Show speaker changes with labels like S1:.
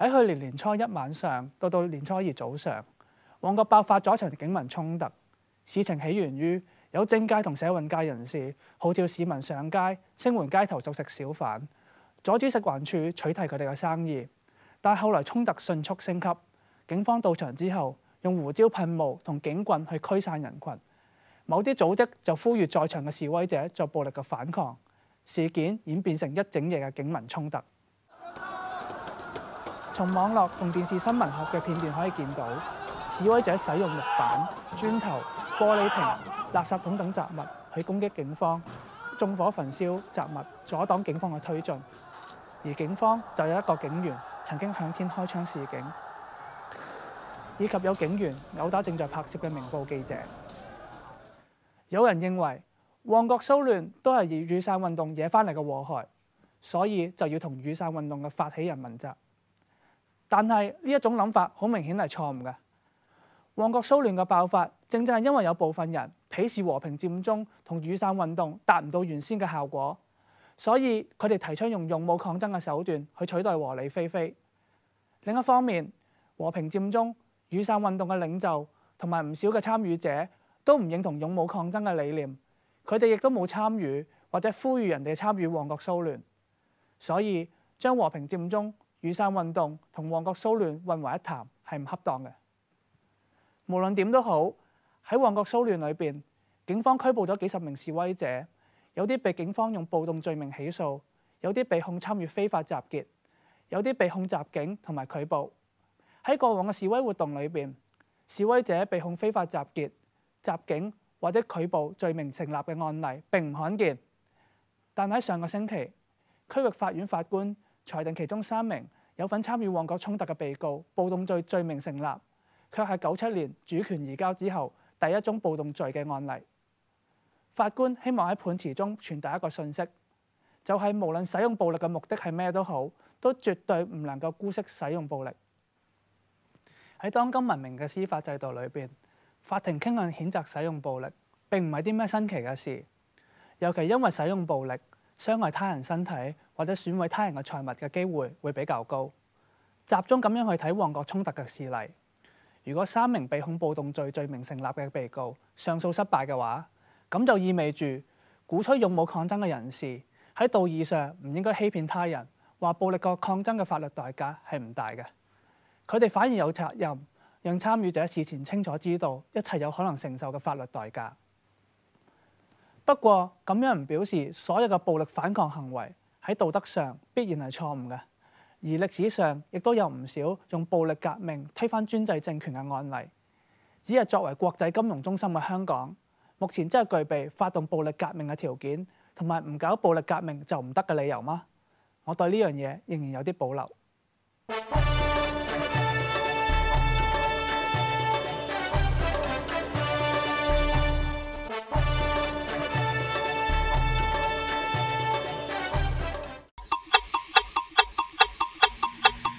S1: 喺去年年初一晚上到到年初二早上，旺角爆發咗一場警民衝突。事情起源於有政界同社運界人士號召市民上街聲援街頭就食小販，阻止食環署取締佢哋嘅生意。但後來衝突迅速升級，警方到場之後用胡椒噴霧同警棍去驅散人群。某啲組織就呼籲在場嘅示威者作暴力嘅反抗，事件演變成一整夜嘅警民衝突。從網絡同電視新聞學嘅片段可以見到，示威者使用木板、磚頭、玻璃瓶、垃圾桶等雜物去攻擊警方，縱火焚燒雜物，阻擋警方嘅推進；而警方就有一個警員曾經向天開槍示警，以及有警員扭打正在拍攝嘅明報記者。有人認為旺角騷亂都係以雨傘運動惹翻嚟嘅禍害，所以就要同雨傘運動嘅發起人問責。但係呢一種諗法好明顯係錯誤嘅。旺角騷亂嘅爆發，正正係因為有部分人鄙視和平佔中同雨傘運動達唔到原先嘅效果，所以佢哋提出用勇武抗爭嘅手段去取代和理非非。另一方面，和平佔中、雨傘運動嘅領袖同埋唔少嘅參與者都唔認同勇武抗爭嘅理念，佢哋亦都冇參與或者呼籲人哋參與旺角騷亂，所以將和平佔中。雨傘運動同旺角騷亂混為一談係唔恰當嘅。無論點都好，喺旺角騷亂裏面，警方拘捕咗幾十名示威者，有啲被警方用暴動罪名起訴，有啲被控參與非法集結，有啲被控襲警同埋拒捕。喺過往嘅示威活動裏面，示威者被控非法集結、襲警或者拒捕罪名成立嘅案例並唔罕見。但喺上個星期，區域法院法官，裁定其中三名有份參與旺角衝突嘅被告暴動罪罪名成立，卻係九七年主權移交之後第一宗暴動罪嘅案例。法官希望喺判詞中傳達一個訊息，就係無論使用暴力嘅目的係咩都好，都絕對唔能夠姑息使用暴力。喺當今文明嘅司法制度裏面，法庭傾向譴責使用暴力並唔係啲咩新奇嘅事，尤其因為使用暴力。傷害他人身體或者損毀他人嘅財物嘅機會會比較高。集中咁樣去睇旺角衝突嘅事例，如果三名被控暴動罪罪名成立嘅被告上訴失敗嘅話，咁就意味住鼓吹勇武抗爭嘅人士喺道義上唔應該欺騙他人，話暴力過抗爭嘅法律代價係唔大嘅。佢哋反而有責任讓參與者事前清楚知道一切有可能承受嘅法律代價。不過咁樣唔表示所有嘅暴力反抗行為喺道德上必然係錯誤嘅，而歷史上亦都有唔少用暴力革命推翻專制政權嘅案例。只係作為國際金融中心嘅香港，目前真係具備發動暴力革命嘅條件，同埋唔搞暴力革命就唔得嘅理由嗎？我對呢樣嘢仍然有啲保留。